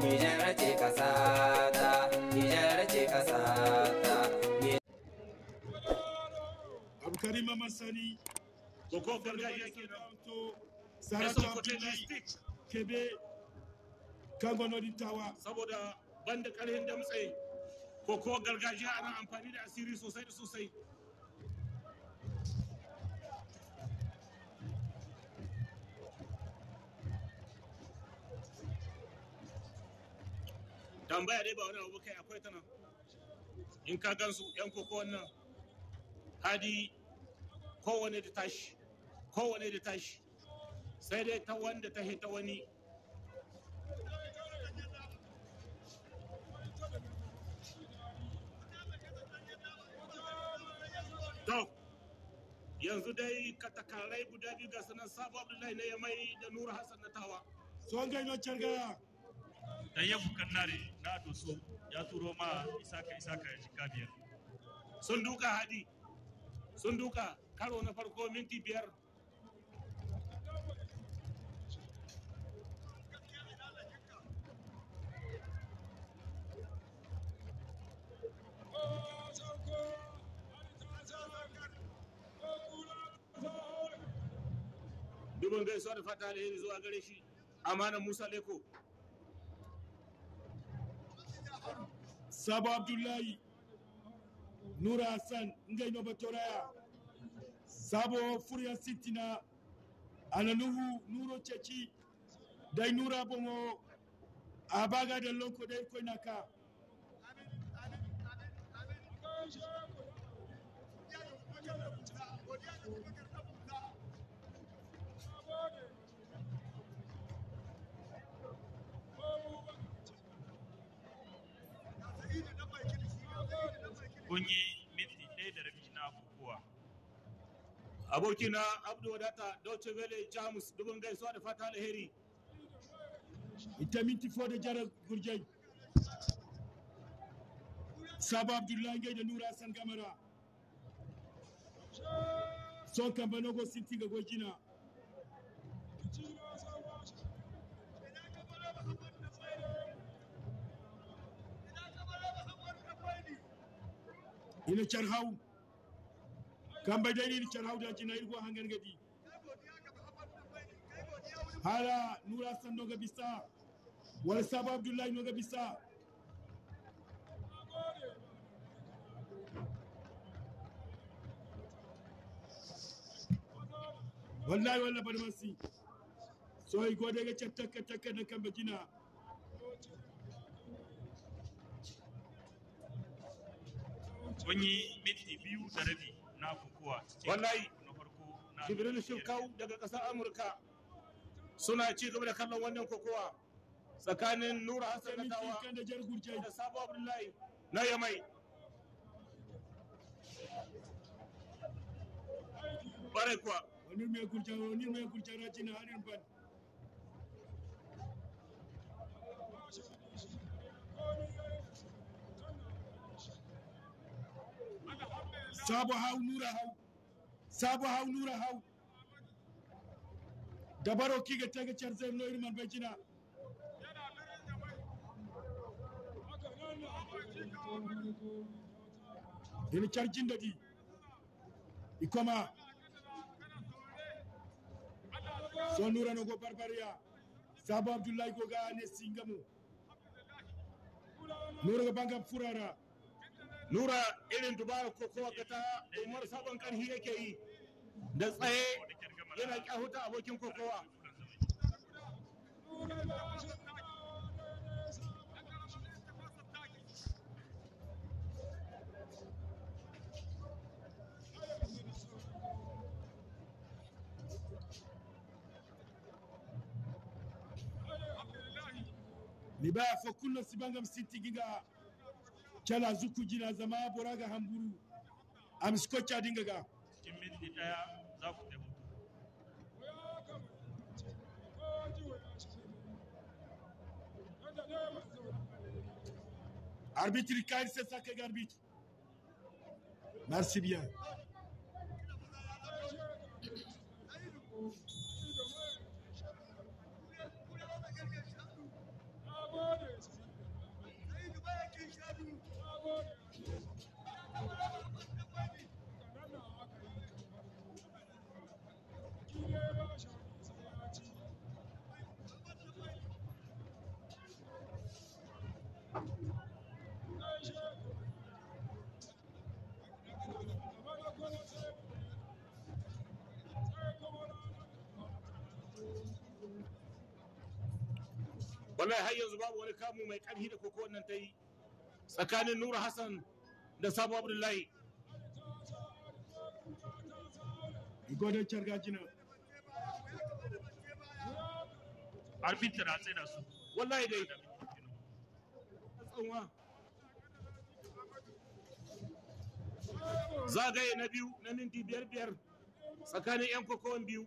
Nijar ce ƙasa ta, Nijar ce ƙasa Masani, Boko Gargajiya ke to Sarasa Kebe Kango Nodin Tawa. Saboda banda ƙarhin damtse, Boko Gargajiya ana amfani da asiri sosai da sosai. tambaya dai ba wani abu kai akwai ta nan in ka gansu yan koko wannan hadi kowane da tashi kowane da tashi sai dai ta wanda ta hita wani to yanzu dai katakarai guda biyu ga sanar sabu abdullahi na yamai da nura hassan na tawa sun gano can da yabu kannare na doso ya turo ma isaka isaka ya jika biyar sun duka hadi sun duka karo na farko minti biyar Dubin gaisuwa da fata alheri zuwa gare shi, amana Musa Leko. Sabu abdullahi nura hassan ngai no batoraya sabo furya sitina ananuhu nuro ceci dai nura bongo abaga da loko dai ko naka Thank you. kun yi minti ɗaya da rabi na kokowa abokina abdu wadata dauce vele jamus dubin gaisuwa da fata alheri ita minti fo da jarar gurjai Saba abdullahi gai da nura san gamara son kambanogo sinti ga gwajina. ina kan bai dai ni hau da jina irgo hangar gadi hala nura san ga bisa wal sabu abdullahi no bisa wallahi wallahi farmasi so i gode daga chatta katta kan bajina jina kun yi minti biyu da rabi na kukuwa wallahi jibril daga ƙasar amurka suna ci gaba da kallon wannan kokowa tsakanin nura hassan na tawa da sabo abdullahi na yamai ɓarai kuwa wani mai kurce wani mai kurce ban sabo hau nura hau sabo hau nura hau dabaro kiga tege charze no irman bejina Dini charjin dadi ikoma so nura no go barbaria sabo abdullahi go ga ne singamu nura ga banga furara nura irin dubara ko kowa ta umar sabon karhi yake yi da tsaye yana kyahuta abokin kokowa libaya fo kullum sibangam sintigiga cala zuku jina zama bora ga hamburu am skocha dinga ga cikin minti daya za ku Arbitre, il saka c'est ça que l'arbitre. Merci bien. wallahi har yanzu babu wani kamu mai karfi da koko wannan ta yi tsakanin nura hassan da sabo abdullahi godon cargajina arbitra da tsaye da su wallahi dai zagaye na biyu na minti biyar biyar tsakanin 'yan kokon biyu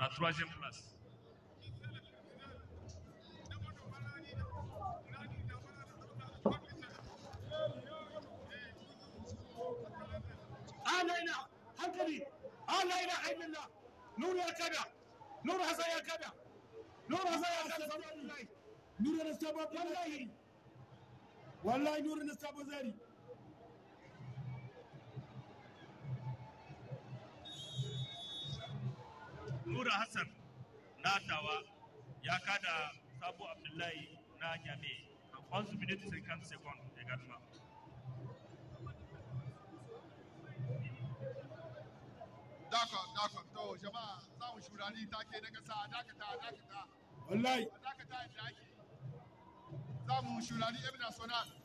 la troisième place. علينا هنكلي علينا حين الله نور يا كذا نور هذا يا كذا نور هذا يا كذا والله والله نور نستبق زاري nura hassan na tawa ya kada sabu abdullahi na nyame on su minute second second également D'accord, d'accord. To jama'a za mu shurani take na kasa a dakata a dakata. Wallahi. A dakata da ake. Za mu shurani Ibn Sunan.